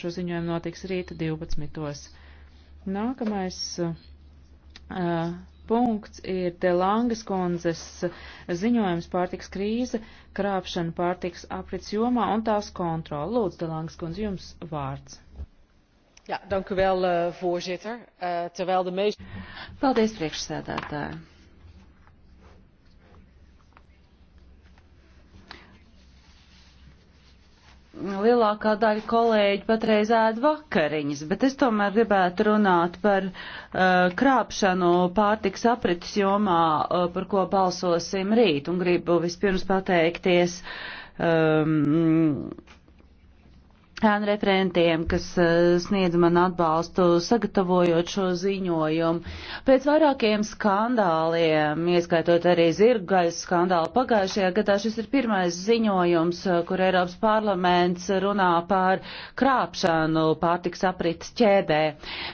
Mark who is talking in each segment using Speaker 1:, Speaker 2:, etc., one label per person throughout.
Speaker 1: šo ziņojumu notiks rīta 12. Nākamais uh, punkts ir Delangas kundzes ziņojums pārtiks krīze, krāpšana pārtiks aprits jomā un tās kontrola. Lūdzu, Delangas kundze, jums
Speaker 2: vārds. Ja, dank u wel, eh, voorzitter. Uh, terwijl de meeste. Paldies, priekšsēdētāji. lielākā daļa kolēģi patreiz ēd vakariņas, bet es tomēr gribētu runāt par uh, krāpšanu pārtiks apritis jomā, uh, par ko balsosim rīt, un gribu vispirms pateikties um, ēnu referentiem, kas eh, sniedz man atbalstu, sagatavojot šo ziņojumu. Pēc vairākiem skandāliem, ieskaitot arī zirga gaisa skandālu pagājušajā gadā, šis ir pirmais ziņojums, eh, kur Eiropas parlaments runā par krāpšanu pārtiks aprits ķēdē.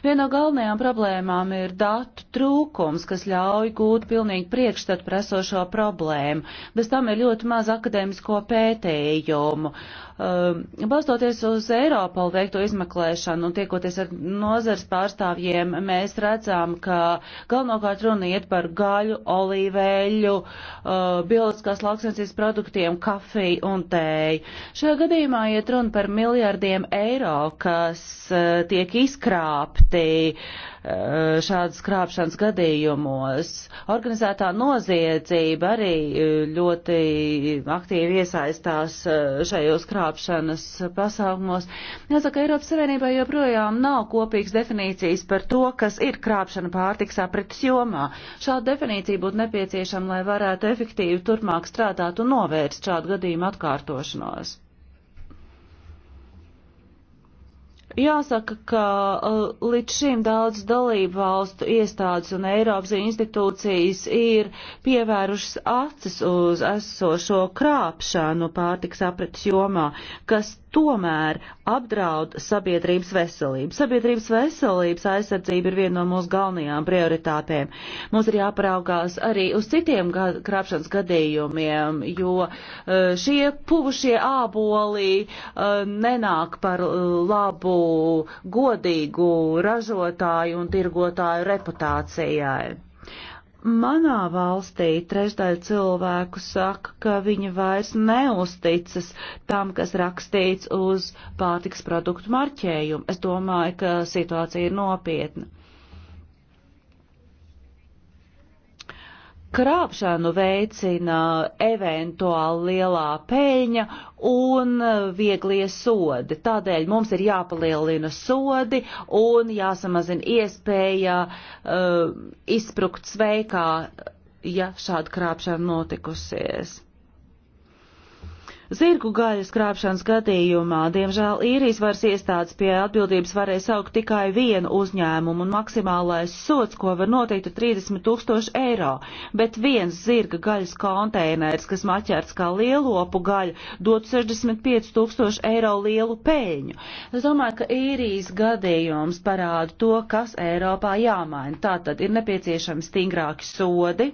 Speaker 2: Viena no galvenajām problēmām ir datu trūkums, kas ļauj gūt pilnīgi priekšstatu presošo problēmu. Bez tam ir ļoti maz akadēmisko pētījumu. Um, balstoties uz Eiropalu veikto izmeklēšanu un tiekoties ar nozars pārstāvjiem, mēs redzam, ka galvenokārt runa iet par gaļu, olīveļu, uh, bioloģiskās lauksensības produktiem, kafiju un tēju. Šajā gadījumā iet runa par miljardiem eiro, kas uh, tiek izkrāpti Eh, šādas krāpšanas gadījumos. Organizētā noziedzība arī eh, ļoti aktīvi iesaistās eh, šajos krāpšanas pasākumos. Jāsaka, Eiropas Savienībā joprojām nav kopīgas definīcijas par to, kas ir krāpšana pārtiks apretis jomā. Šāda definīcija būtu nepieciešama, lai varētu efektīvi turpmāk strādāt un novērst šādu gadījumu atkārtošanos. Jāsaka, ka uh, līdz šim daudz dalību valstu iestādes un Eiropas institūcijas ir pievērušas acis uz esošo krāpšanu pārtiks aprits jomā, kas tomēr apdraud sabiedrības veselību. Sabiedrības veselības aizsardzība ir viena no mūsu galvenajām prioritātēm. Mums ir jāparaugās arī uz citiem krāpšanas gadījumiem, jo eh, šie puvušie ābolī eh, nenāk par eh, labu godīgu ražotāju un tirgotāju reputācijai manā valstī trešdaļa cilvēku saka, ka viņi vairs neusticas tam, kas rakstīts uz pārtiks produktu marķējumu. Es domāju, ka situācija ir nopietna. krāpšanu veicina eventuāli lielā peļņa un vieglie sodi. Tādēļ mums ir jāpalielina sodi un jāsamazina iespēja uh, izsprukt sveikā, ja šāda krāpšana notikusies. Zirgu gaļas krāpšanas gadījumā, diemžēl, īrijas varas iestādes pie atbildības varēja saukt tikai vienu uzņēmumu un maksimālais sots, ko var noteikt, ir 30 tūkstoši eiro, bet viens zirga gaļas konteiners, kas maķerts kā lielopu gaļa, dod 65 tūkstoši eiro lielu pēļņu. Es domāju, ka īrijas gadījums parāda to, kas Eiropā jāmaina. Tātad ir nepieciešami stingrāki sodi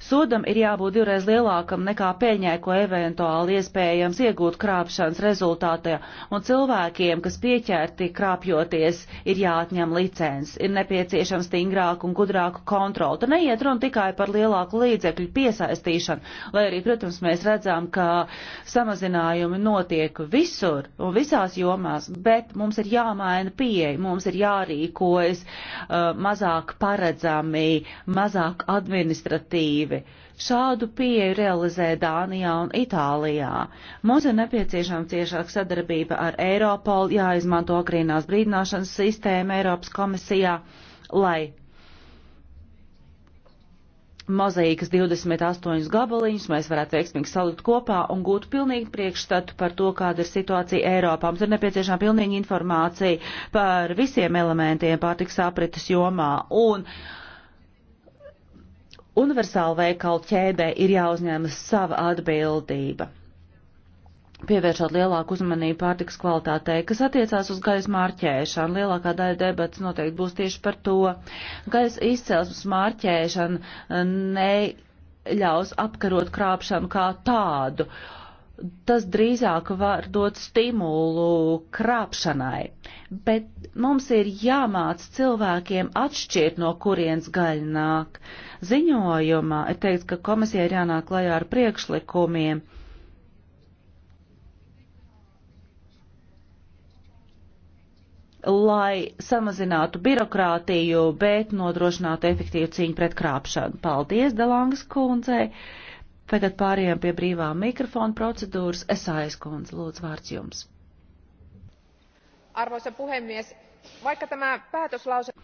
Speaker 2: Sodam ir jābūt divreiz lielākam nekā peļņai, ko eventuāli iespējams iegūt krāpšanas rezultātā, un cilvēkiem, kas pieķerti krāpjoties, ir jāatņem licens, ir nepieciešama stingrāka un gudrāka kontrola. Tur neiet runa tikai par lielāku līdzekļu piesaistīšanu, lai arī, protams, mēs redzam, ka samazinājumi notiek visur un visās jomās, bet mums ir jāmaina pieeja, mums ir jārīkojas uh, mazāk paredzami, mazāk administratīvi dzīvi. Šādu pieeju realizē Dānijā un Itālijā. Mums ir nepieciešama ciešāka sadarbība ar Eiropolu, jāizmanto krīnās brīdināšanas sistēma Eiropas komisijā, lai mozaīkas 28 gabaliņus mēs varētu veiksmīgi salikt kopā un gūt pilnīgi priekšstatu par to, kāda ir situācija Eiropā. Mums ir nepieciešama pilnīga informācija par visiem elementiem pārtiks aprites jomā. Un, uh, universālu veikalu ķēdē ir jāuzņemas sava atbildība. Pievēršot lielāku uzmanību pārtikas kvalitātei, kas attiecās uz gaisa mārķēšanu, lielākā daļa debats noteikti būs tieši par to. Gaisa izcelsmes mārķēšana eh, ne ļaus apkarot krāpšanu kā tādu. Uh, tas drīzāk var dot stimulu krāpšanai. Bet mums ir jāmāc cilvēkiem atšķirt, no kurienes gaļa nāk. Ziņojumā ir teikts, ka komisija ir jānāk klajā ar priekšlikumiem. lai samazinātu birokrātiju, bet nodrošinātu efektīvu cīņu pret krāpšanu. Paldies, Delangas kundzei! Tagad pārējām pie brīvā mikrofona procedūras. Esājas kundze, lūdzu vārds jums.
Speaker 3: Arvoisa puhemies, vaikka tämä päätöslause...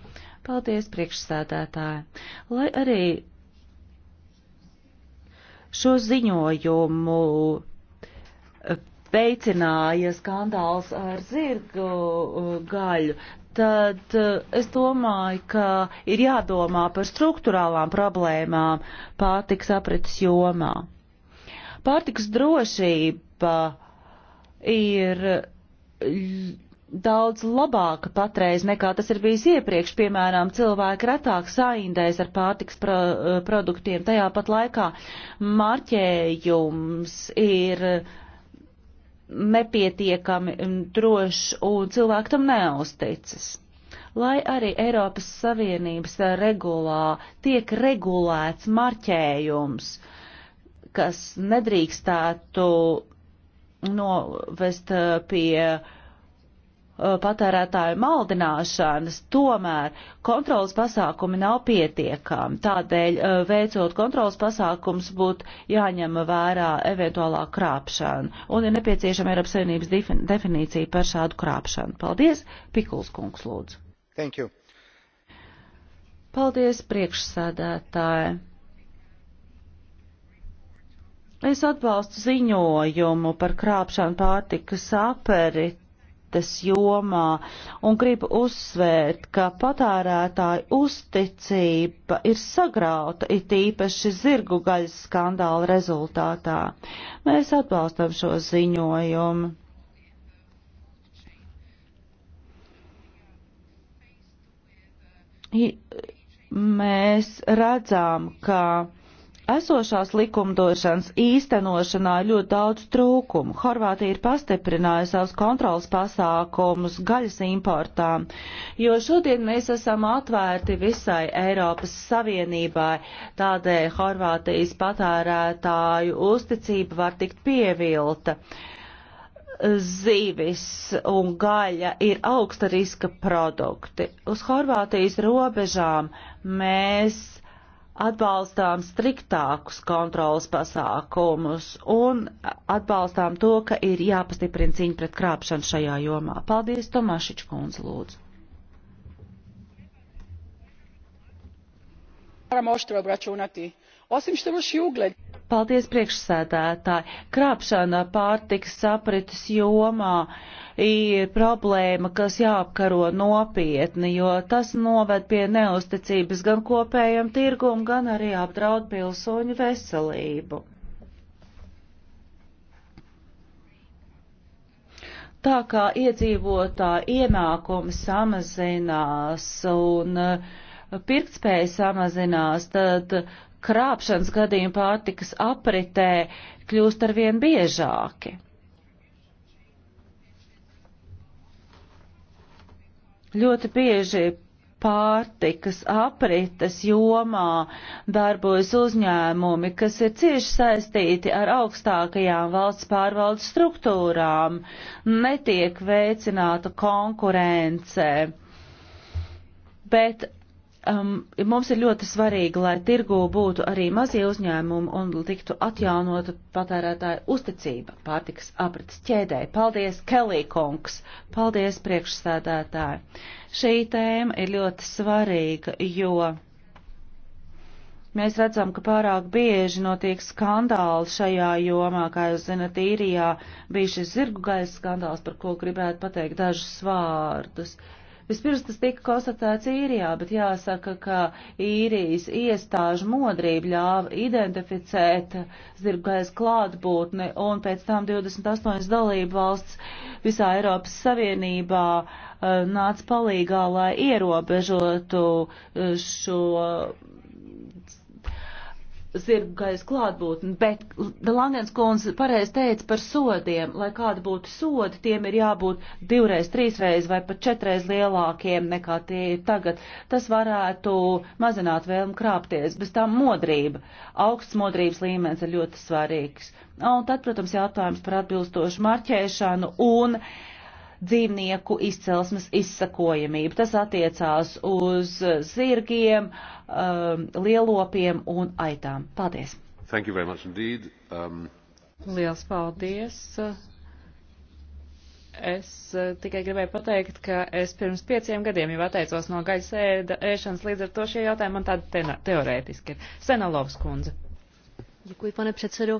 Speaker 2: Paldies, priekšsēdētāji. Lai arī šo ziņojumu eh, veicināja skandāls ar zirgu eh, gaļu, tad eh, es domāju, ka ir jādomā par struktūrālām problēmām pārtiks aprits jomā. Pārtiks drošība ir daudz labāka patreiz nekā tas ir bijis iepriekš. Piemēram, cilvēki retāk saindēs ar pārtiks pro, eh, produktiem. Tajā pat laikā marķējums ir nepietiekami drošs un cilvēki tam neuzticas. Lai arī Eiropas Savienības regulā tiek regulēts marķējums, kas nedrīkstētu novest uh, pie uh, Uh, patērētāju maldināšanas, tomēr kontrolas pasākumi nav pietiekami. Tādēļ, uh, veicot kontrolas pasākums, būtu jāņem vērā eventuālā krāpšana un ir nepieciešama Eiropas Savienības definīcija par šādu krāpšanu. Paldies, Pikuls kungs, lūdzu. Thank you. Paldies, priekšsēdētāji. Es atbalstu ziņojumu par krāpšanu pārtikas aperitu vides jomā un gribu uzsvērt, ka patērētāju uzticība ir sagrauta it īpaši zirgu gaļas skandāla rezultātā. Mēs atbalstam šo ziņojumu. Mēs redzam, ka Esošās likumdošanas īstenošanā ir ļoti daudz trūkumu. Horvātija ir pastiprinājusi savus kontrolas pasākumus gaļas importām, jo šodien mēs esam atvērti visai Eiropas Savienībai, tādēļ Horvātijas patērētāju uzticība var tikt pievilta. Zīvis un gaļa ir augsta riska produkti. Uz Horvātijas robežām mēs atbalstām striktākus kontrolas pasākumus un atbalstām to, ka ir jāpastiprina cīņa pret krāpšanu šajā jomā. Paldies, Tomašič kundze, lūdzu.
Speaker 4: Moramo oštro obračunati. Osim što ruši ugled.
Speaker 2: Paldies priekšsēdētāji. Krāpšana pārtiks sapritas jomā ir problēma, kas jāapkaro nopietni, jo tas noved pie neusticības gan kopējam tirgum, gan arī apdraud pilsoņu veselību. Tā kā iedzīvotā ienākumi samazinās un uh, pirktspēja samazinās, tad krāpšanas gadījumi pārtikas apritē kļūst arvien biežāki. Ļoti bieži pārtikas aprites jomā darbojas uzņēmumi, kas ir cieši saistīti ar augstākajām valsts pārvaldes struktūrām, netiek veicināta konkurence, bet um, mums ir ļoti svarīgi, lai tirgū būtu arī mazie uzņēmumi un tiktu atjaunota patērētāja uzticība pārtikas aprits ķēdē. Paldies, Kelī kungs! Paldies, priekšsēdētāji! Šī tēma ir ļoti svarīga, jo mēs redzam, ka pārāk bieži notiek skandāli šajā jomā, kā jūs zinat, īrijā bija šis zirgu gaisa skandāls, par ko gribētu pateikt dažus vārdus. Uh, Vispirms tas tika konstatēts īrijā, bet jāsaka, ka īrijas iestāžu modrība ļāva identificēt zirgais klātbūtni un pēc tam 28 dalību valsts visā Eiropas Savienībā eh, nāca palīgā, lai ierobežotu eh, šo zirgu gaisa klātbūtni, bet Langens kundze pareiz teica par sodiem, lai kāda būtu sodi, tiem ir jābūt divreiz, trīsreiz vai pat četreiz lielākiem nekā tie ir tagad. Tas varētu mazināt vēlmu krāpties, bez tām modrība. Augsts modrības līmenis ir ļoti svarīgs. Un tad, protams, jautājums par atbilstošu marķēšanu un uh, dzīvnieku izcelsmes izsakojamību. Tas attiecās uz zirgiem, um, lielopiem un aitām. Paldies!
Speaker 3: Thank you very much indeed. Um...
Speaker 2: Liels paldies! Es uh, tikai gribēju
Speaker 1: pateikt, ka es pirms pieciem gadiem jau atteicos no gaļas ēda, ēšanas, līdz ar to šie jautājumi man tādi tena, teorētiski ir. Senalovs kundze. Děkuji, pane předsedo.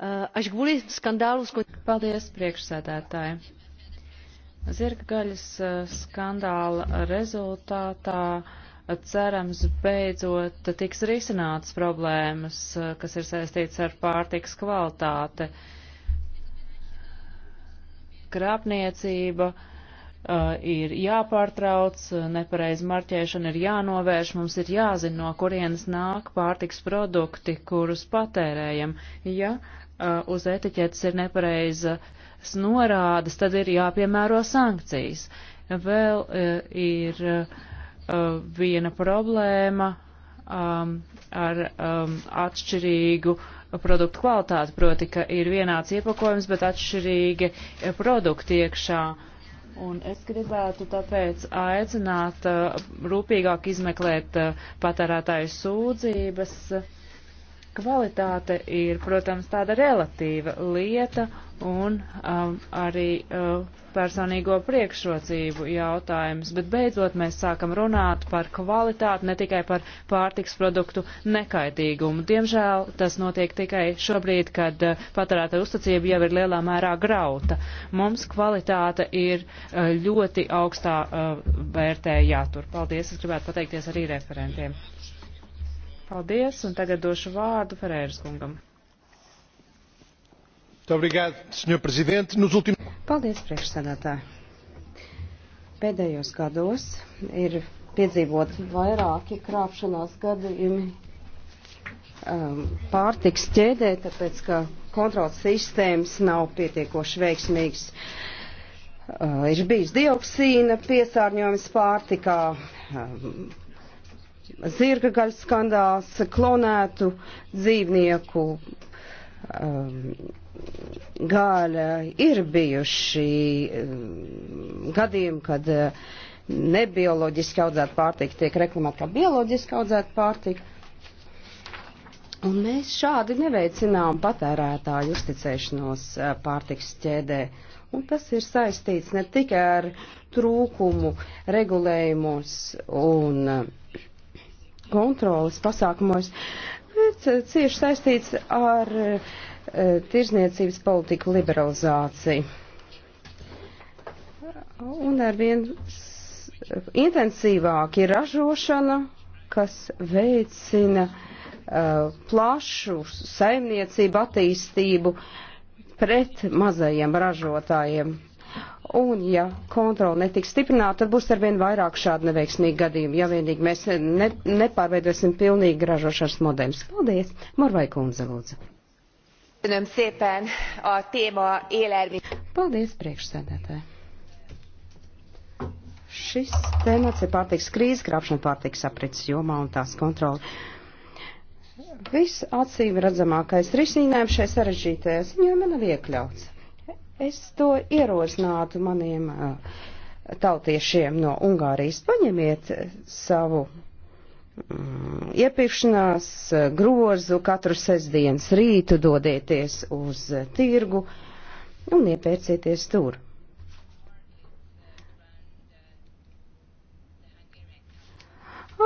Speaker 1: Uh, až kvůli skandálu... Paldies, priekšsēdētāji Zirga gaļas eh, skandāla rezultātā eh, cerams beidzot tiks risinātas problēmas, eh, kas ir saistīts ar pārtiks kvalitāte. Krāpniecība uh, ir jāpārtrauc, nepareiz marķēšana ir jānovērš, mums ir jāzina, no kurienes nāk pārtiks produkti, kurus patērējam. Ja uh, uz etiķetes ir nepareiza uh, norādes, tad ir jāpiemēro sankcijas. Vēl e, ir e, viena problēma um, ar um, atšķirīgu produktu kvalitāti, proti, ka ir vienāds iepakojums, bet atšķirīgi e, produkti iekšā. Un es gribētu tāpēc aicināt rūpīgāk izmeklēt patērētāju sūdzības Kvalitāte ir, protams, tāda relatīva lieta un um, arī uh, personīgo priekšrocību jautājums, bet beidzot mēs sākam runāt par kvalitāti, ne tikai par pārtiks produktu nekaitīgumu. Diemžēl tas notiek tikai šobrīd, kad uh, patērēta uzticība jau ir lielā mērā grauta. Mums kvalitāte ir uh, ļoti augstā uh, vērtē jātur. Paldies, es gribētu pateikties arī referentiem. Paldies, un tagad došu vārdu Ferēras kungam.
Speaker 3: Paldies, priekšsēdētāji. Pēdējos gados ir piedzīvot vairāki krāpšanās gadījumi um, pārtiks ķēdē, tāpēc, ka kontrols sistēmas nav pietiekoši veiksmīgas. Uh, ir bijis dioksīna piesārņojums pārtikā, um, zirga gaļas skandāls, klonētu dzīvnieku um, gaļa. Ir bijuši um, gadījumi, kad uh, nebioloģiski audzēta pārtika tiek reklamēta kā bioloģiski audzēta pārtika. Un mēs šādi neveicinām patērētāju uzticēšanos uh, pārtiks ķēdē. Un tas ir saistīts ne tikai ar trūkumu regulējumos un uh, kontrolas pasākumos eh, cieši saistīts ar eh, tirzniecības politiku liberalizāciju. Un arvien intensīvāk ir ražošana, kas veicina uh, plašu saimniecību attīstību pret mazajiem ražotājiem. Un, ja kontrola netiks stiprināta, tad būs arvien vairāk šādu neveiksmīgu gadījumu, ja vienīgi mēs ne, nepārveidosim pilnīgi ražošanas modeļus. Paldies! Morvai kundze, lūdzu! Paldies, priekšsēdētāji! Šis temats ir pārtiks krīze, krāpšana pārtiks aprits jomā un tās kontrola. Viss acīm redzamākais risinājums šai sarežģītajā ziņojumā nav iekļauts. Es to ierosinātu maniem tautiešiem no Ungārijas. Paņemiet savu mm, iepirkšanās grozu katru sestdienas rītu, dodieties uz tirgu un iepērcieties tur.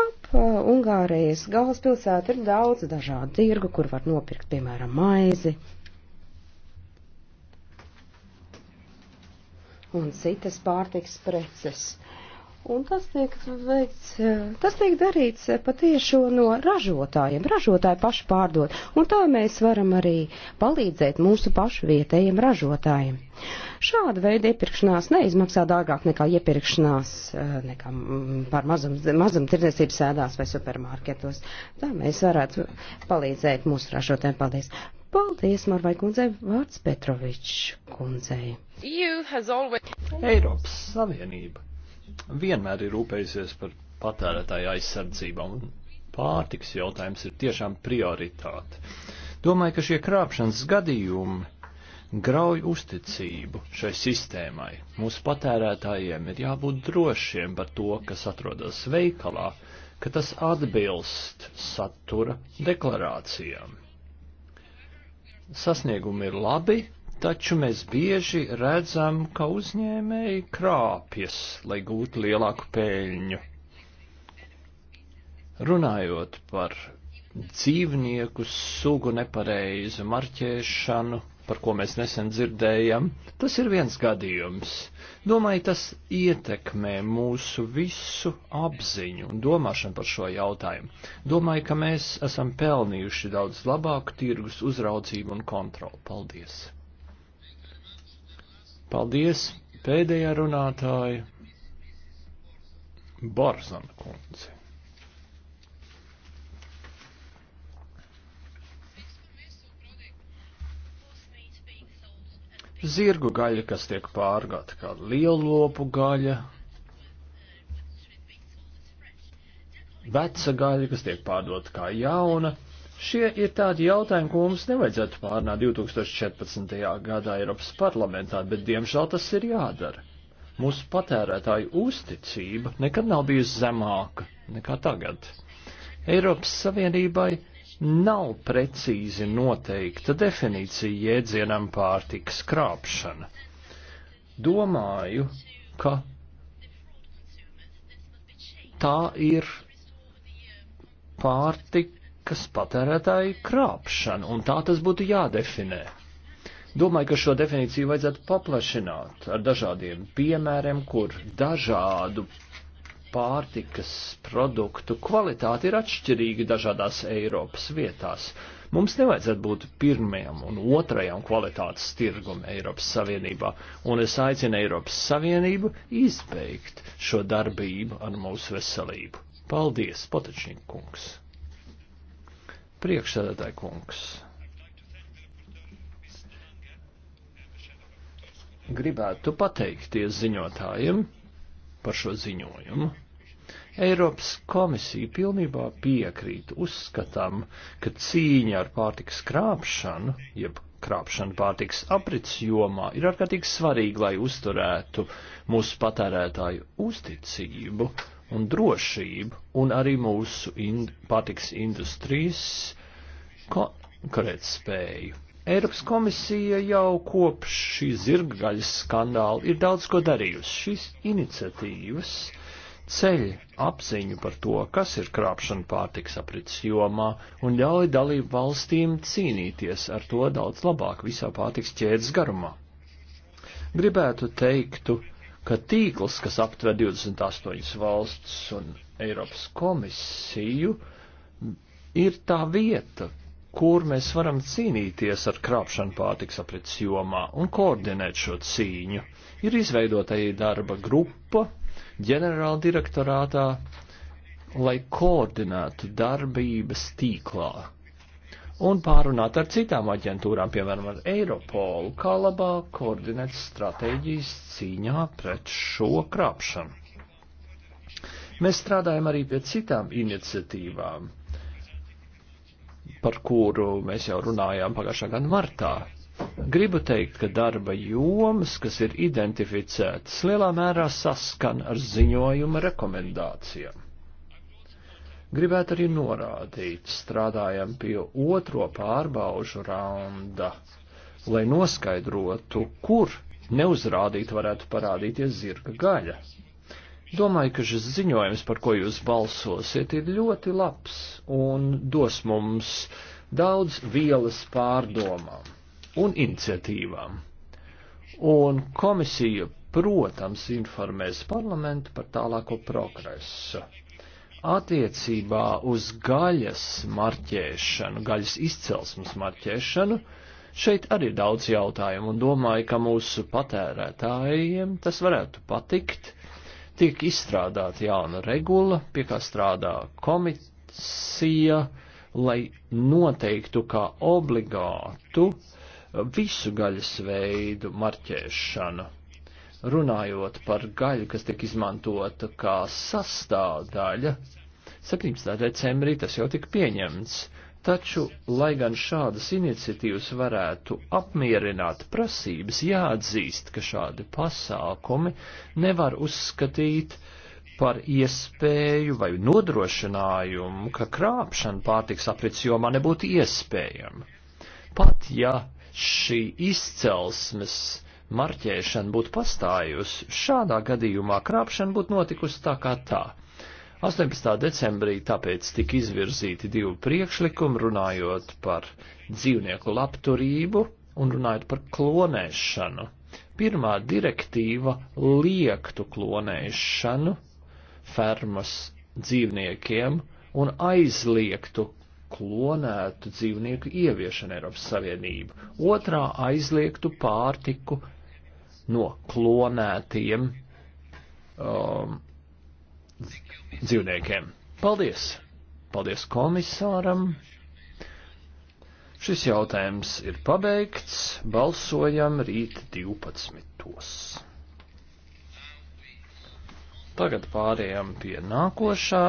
Speaker 3: Ap Ungārijas galvaspilsētu ir daudz dažādu tirgu, kur var nopirkt, piemēram, maizi, un citas pārtiks preces. Un tas tiek veikts, tas tiek darīts patiešo no ražotājiem. Ražotāji paši pārdod. Un tā mēs varam arī palīdzēt mūsu pašu vietējiem ražotājiem. Šāda veida iepirkšanās neizmaksā dārgāk nekā iepirkšanās eh, nekā par mazum, mazum tirdzniecības sēdās vai supermarketos. Tā mēs varētu palīdzēt mūsu ražotājiem. Paldies! Paldies, Marvai kundzei, vārds Petrovičs kundzei.
Speaker 4: Always... Eiropas Savienība vienmēr ir rūpējusies par patērētāju aizsardzību, un pārtiks jautājums ir tiešām prioritāte. Domāju, ka šie krāpšanas gadījumi grauj uzticību šai sistēmai. Mūsu patērētājiem ir jābūt drošiem par to, kas atrodas veikalā, ka tas atbilst satura deklarācijām. Sasniegumi ir labi, taču mēs bieži redzam, ka uzņēmēji krāpjas, lai gūtu lielāku peļņu. Runājot par dzīvnieku sugu nepareizu marķēšanu, par ko mēs nesen dzirdējam, tas ir viens gadījums. Domāju, tas ietekmē mūsu visu apziņu un domāšanu par šo jautājumu. Domāju, ka mēs esam pelnījuši daudz labāku tirgus uzraudzību un kontroli. Paldies! Paldies! Pēdējā runātāja Borzana kundze. zirgu gaļa, kas tiek pārgāta kā lielopu gaļa, veca gaļa, kas tiek pārdota kā jauna. Šie ir tādi jautājumi, ko mums nevajadzētu pārnāt 2014. gadā Eiropas parlamentā, bet diemžēl tas ir jādara. Mūsu patērētāju uzticība nekad nav bijusi zemāka nekā tagad. Eiropas Savienībai Nav precīzi noteikta definīcija jēdzienam pārtikas krāpšana. Domāju, ka tā ir pārtikas patērētāju krāpšana, un tā tas būtu jādefinē. Domāju, ka šo definīciju vajadzētu paplašināt ar dažādiem piemēriem, kur dažādu pārtikas produktu kvalitāte ir atšķirīga dažādās Eiropas vietās. Mums nevajadzētu būt pirmajam un otrajam kvalitātes tirgum Eiropas Savienībā, un es aicinu Eiropas Savienību izbeigt šo darbību ar mūsu veselību. Paldies, Potečņik kungs! Priekšsēdētāji kungs! Gribētu pateikties ziņotājiem par šo ziņojumu. Eiropas komisija pilnībā piekrīt uzskatām, ka cīņa ar pārtikas krāpšanu, jeb krāpšanu pārtikas aprits jomā, ir ārkārtīgi svarīga, lai uzturētu mūsu patērētāju uzticību un drošību un arī mūsu in pārtikas industrijas konkurētspēju. Eiropas komisija jau kopš šī zirgaļas skandāla ir daudz ko darījusi. Šīs iniciatīvas ceļ apziņu par to, kas ir krāpšana pārtiks aprits jomā un ļauj dalību valstīm cīnīties ar to daudz labāk visā pārtiks ķēdes garumā. Gribētu teiktu, ka tīkls, kas aptver 28 valsts un Eiropas komisiju, ir tā vieta, kur mēs varam cīnīties ar krāpšanu pārtiks aprits jomā un koordinēt šo cīņu. Ir izveidota arī darba grupa ģenerāla direktorātā, lai koordinētu darbības tīklā un pārunāt ar citām aģentūrām, piemēram, ar Eiropolu, kā labāk koordinēt stratēģijas cīņā pret šo krāpšanu. Mēs strādājam arī pie citām iniciatīvām par kuru mēs jau runājām pagājušā gada martā. Gribu teikt, ka darba jomas, kas ir identificētas, lielā mērā saskan ar ziņojuma rekomendācijām. Gribētu arī norādīt, strādājam pie otro pārbaužu raunda, lai noskaidrotu, kur neuzrādīt varētu parādīties zirga gaļa. Domāju, ka šis ziņojums, par ko jūs balsosiet, ir ļoti labs un dos mums daudz vielas pārdomām un iniciatīvām. Un komisija, protams, informēs parlamentu par tālāko progresu. Attiecībā uz gaļas marķēšanu, gaļas izcelsmes marķēšanu, šeit arī ir daudz jautājumu un domāju, ka mūsu patērētājiem tas varētu patikt Tiek izstrādāta jauna regula, pie kā strādā komisija, lai noteiktu kā obligātu visu gaļas veidu marķēšanu. Runājot par gaļu, kas tiek izmantota kā sastāvdaļa, 17. decembrī tas jau tika pieņemts. Taču, lai gan šādas iniciatīvas varētu apmierināt prasības, jāatzīst, ka šādi pasākumi nevar uzskatīt par iespēju vai nodrošinājumu, ka krāpšana pārtiks aprits jomā nebūtu iespējama. Pat ja šī izcelsmes marķēšana būtu pastājusi, šādā gadījumā krāpšana būtu notikusi tā kā tā. 18. decembrī tāpēc tika izvirzīti divi priekšlikumi runājot par dzīvnieku labturību un runājot par klonēšanu. Pirmā direktīva liektu klonēšanu fermas dzīvniekiem un aizliegtu klonētu dzīvnieku ieviešanu Eiropas Savienību. Otrā aizliegtu pārtiku no klonētiem um, dzīvniekiem. Paldies! Paldies komisāram! Šis jautājums ir pabeigts. Balsojam rīt 12. Tagad pārējām pie nākošā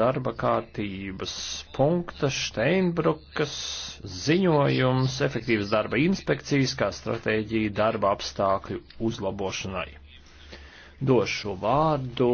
Speaker 4: darba kārtības punkta Steinbrukas ziņojums efektīvas darba inspekcijas kā stratēģija darba apstākļu uzlabošanai. Došu vārdu